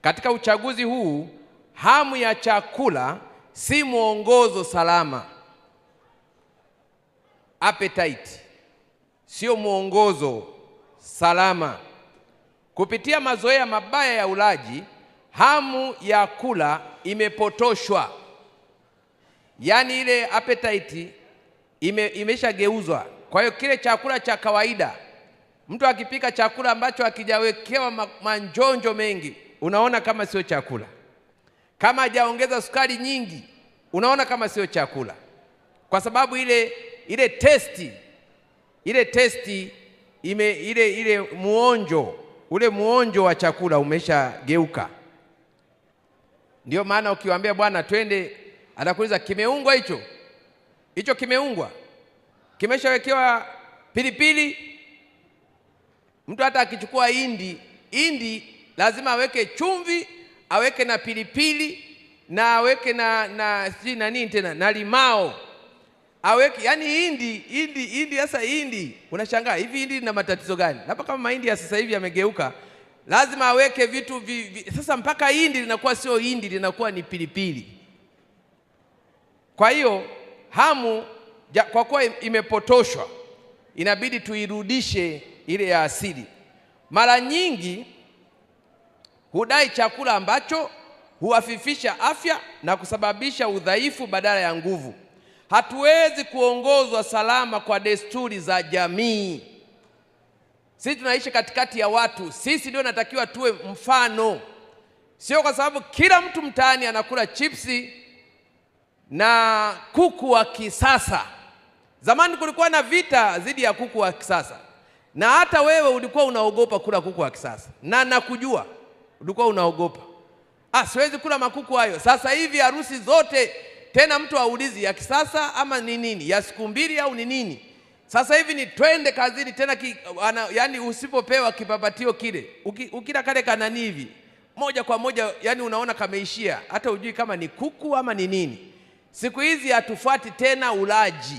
Katika uchaguzi huu hamu ya chakula si mwongozo salama. Appetite sio mwongozo salama. Kupitia mazoea mabaya ya ulaji, hamu ya kula imepotoshwa, yaani ile appetite ime, imeshageuzwa. Kwa hiyo kile chakula cha kawaida, mtu akipika chakula ambacho hakijawekewa manjonjo mengi unaona kama sio chakula, kama hajaongeza sukari nyingi, unaona kama sio chakula, kwa sababu ile ile testi ile testi ime, ile ile muonjo ule muonjo wa chakula umeshageuka. Ndio maana ukiwaambia bwana, twende, anakuuliza kimeungwa hicho hicho, kimeungwa kimeshawekewa pilipili. Mtu hata akichukua hindi indi lazima aweke chumvi, aweke na pilipili na aweke na na sijui na nini tena na limao aweke, yani hindi hindi hindi. Sasa hindi, unashangaa hivi hindi lina matatizo gani? Labda kama mahindi ya sasa hivi yamegeuka, lazima aweke vitu vi, vi. Sasa mpaka hindi linakuwa sio hindi, linakuwa ni pilipili. Kwa hiyo hamu ja, kwa kuwa imepotoshwa, inabidi tuirudishe ile ya asili. Mara nyingi hudai chakula ambacho huafifisha afya na kusababisha udhaifu badala ya nguvu. Hatuwezi kuongozwa salama kwa desturi za jamii. Sisi tunaishi katikati ya watu, sisi ndio natakiwa tuwe mfano, sio kwa sababu kila mtu mtaani anakula chipsi na kuku wa kisasa. Zamani kulikuwa na vita dhidi ya kuku wa kisasa, na hata wewe ulikuwa unaogopa kula kuku wa kisasa, na nakujua ulikuwa unaogopa, ah, siwezi kula makuku hayo. Sasa hivi harusi zote tena mtu aulizi ya kisasa ama ni nini, ya siku mbili au ni nini? Sasa hivi ni twende kazini tena ki, ana, yani usipopewa kipapatio kile uki, ukila kale kanani hivi moja kwa moja, yani unaona kameishia, hata ujui kama ni kuku ama ni nini. Siku hizi hatufuati tena ulaji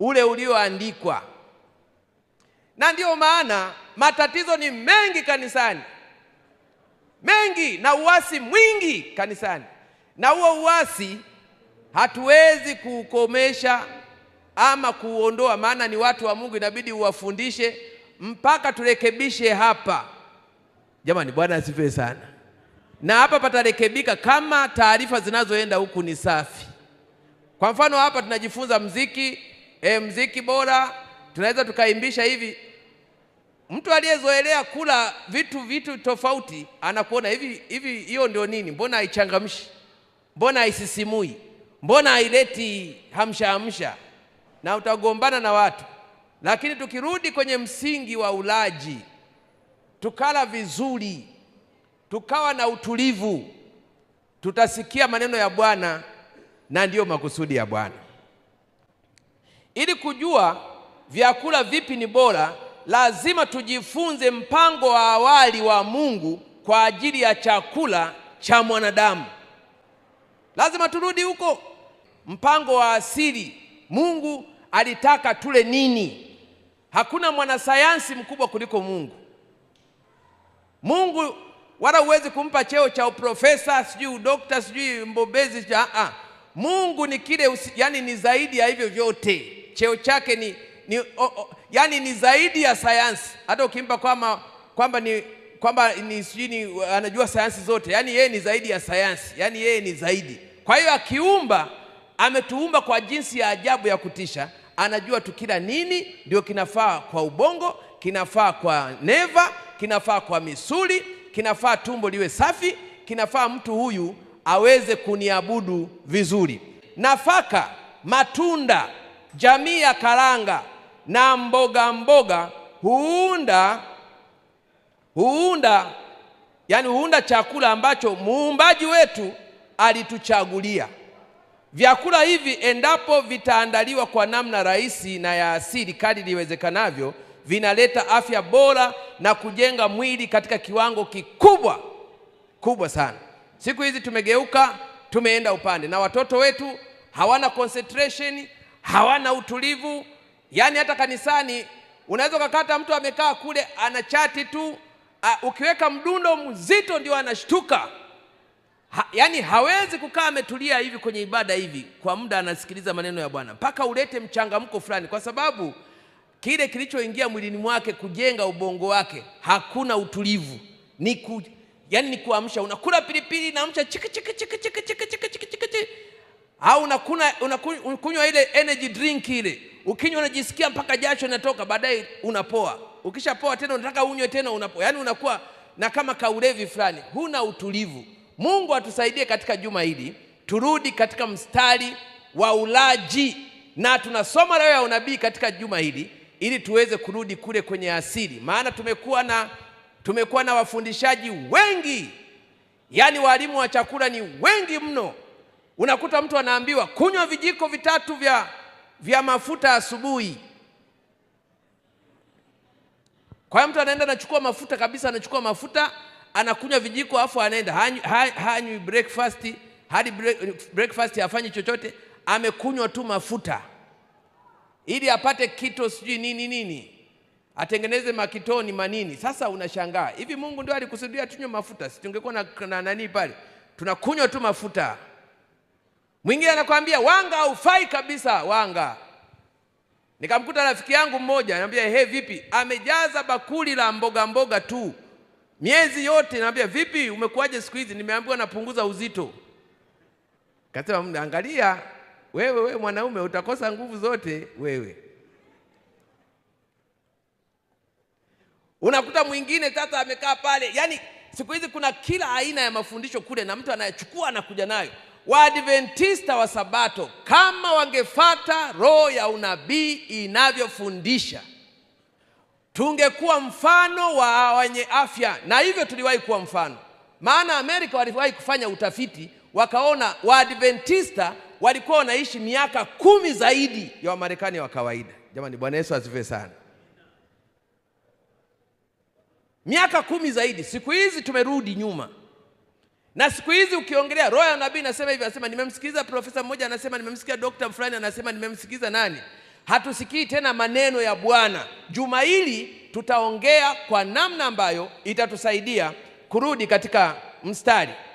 ule ulioandikwa, na ndiyo maana matatizo ni mengi kanisani mengi na uasi mwingi kanisani, na huo uasi hatuwezi kuukomesha ama kuuondoa, maana ni watu wa Mungu, inabidi uwafundishe mpaka turekebishe hapa. Jamani, Bwana asifiwe sana. Na hapa patarekebika kama taarifa zinazoenda huku ni safi. Kwa mfano hapa tunajifunza mziki e, mziki bora tunaweza tukaimbisha hivi Mtu aliyezoelea kula vitu vitu tofauti anakuona hivi hivi, hiyo ndio nini? Mbona haichangamshi? Mbona haisisimui? Mbona haileti hamsha hamsha? Na utagombana na watu. Lakini tukirudi kwenye msingi wa ulaji, tukala vizuri, tukawa na utulivu, tutasikia maneno ya Bwana, na ndiyo makusudi ya Bwana. Ili kujua vyakula vipi ni bora lazima tujifunze mpango wa awali wa Mungu kwa ajili ya chakula cha mwanadamu. Lazima turudi huko, mpango wa asili. Mungu alitaka tule nini? Hakuna mwanasayansi mkubwa kuliko Mungu. Mungu wala huwezi kumpa cheo cha uprofesa, sijui udokta, sijui mbobezi. Ah, ah. Mungu ni kile, yani ni zaidi ya hivyo vyote. Cheo chake ni ni, oh, oh, yani ni zaidi ya sayansi. Hata ukimpa kwamba kwamba ni kwamba ni sijui anajua sayansi zote, yani yeye ni zaidi ya sayansi, yani yeye ni zaidi. Kwa hiyo akiumba, ametuumba kwa jinsi ya ajabu ya kutisha. Anajua tukila nini ndio kinafaa kwa ubongo, kinafaa kwa neva, kinafaa kwa misuli, kinafaa tumbo liwe safi, kinafaa mtu huyu aweze kuniabudu vizuri. Nafaka, matunda, jamii ya karanga, na mboga mboga huunda huunda yani huunda chakula ambacho muumbaji wetu alituchagulia. Vyakula hivi endapo vitaandaliwa kwa namna rahisi na ya asili kadri iwezekanavyo, vinaleta afya bora na kujenga mwili katika kiwango kikubwa kubwa sana. Siku hizi tumegeuka, tumeenda upande, na watoto wetu hawana concentration, hawana utulivu, Yaani hata kanisani unaweza ukakata mtu amekaa kule ana chati tu a, ukiweka mdundo mzito ndio anashtuka ha, yaani hawezi kukaa ametulia hivi kwenye ibada hivi kwa muda anasikiliza maneno ya Bwana mpaka ulete mchangamko fulani, kwa sababu kile kilichoingia mwilini mwake kujenga ubongo wake hakuna utulivu, ni ku, yaani ni kuamsha. Unakula pilipili naamsha chiki chiki chiki chiki chiki chiki chiki chiki, au unakuna unakunywa ile energy drink ile ukinywa unajisikia mpaka jasho inatoka, baadaye unapoa. Ukishapoa tena unataka unywe tena, unapoa. Yaani unakuwa na kama kaulevi fulani, huna utulivu. Mungu atusaidie katika juma hili turudi katika mstari wa ulaji, na tunasoma leo ya unabii katika juma hili ili tuweze kurudi kule kwenye asili, maana tumekuwa na tumekuwa na wafundishaji wengi, yaani walimu wa chakula ni wengi mno. Unakuta mtu anaambiwa kunywa vijiko vitatu vya vya mafuta asubuhi. Kwa hiyo mtu anaenda anachukua mafuta kabisa, anachukua mafuta anakunywa vijiko, afu anaenda hanywi hanyu breakfast hadi breakfast hafanyi chochote, amekunywa tu mafuta ili apate kito sijui nini nini, atengeneze makitoni manini. Sasa unashangaa hivi, Mungu ndio alikusudia tunywe mafuta? Si tungekuwa na, na nani pale, tunakunywa tu mafuta. Mwingine anakwambia wanga haufai kabisa, wanga. Nikamkuta rafiki yangu mmoja anambia, he, vipi? Amejaza bakuli la mboga mboga tu miezi yote. Naambia, vipi, umekuwaje siku hizi? Nimeambiwa napunguza uzito. Kasema, mnaangalia wewe, wewe mwanaume utakosa nguvu zote wewe. Unakuta mwingine sasa amekaa pale, yaani siku hizi kuna kila aina ya mafundisho kule, na mtu anayechukua anakuja nayo Waadventista wa Sabato kama wangefata roho ya unabii inavyofundisha tungekuwa mfano wa wenye afya, na hivyo tuliwahi kuwa mfano. Maana Amerika waliwahi kufanya utafiti, wakaona Waadventista walikuwa wanaishi miaka kumi zaidi ya Wamarekani wa kawaida. Jamani, Bwana Yesu asifiwe sana. Miaka kumi zaidi. Siku hizi tumerudi nyuma na siku hizi ukiongelea roho ya nabii nasema hivi, anasema nimemsikiliza profesa mmoja, anasema nimemsikia dokta fulani, anasema nimemsikiliza nani. Hatusikii tena maneno ya Bwana. Juma hili tutaongea kwa namna ambayo itatusaidia kurudi katika mstari.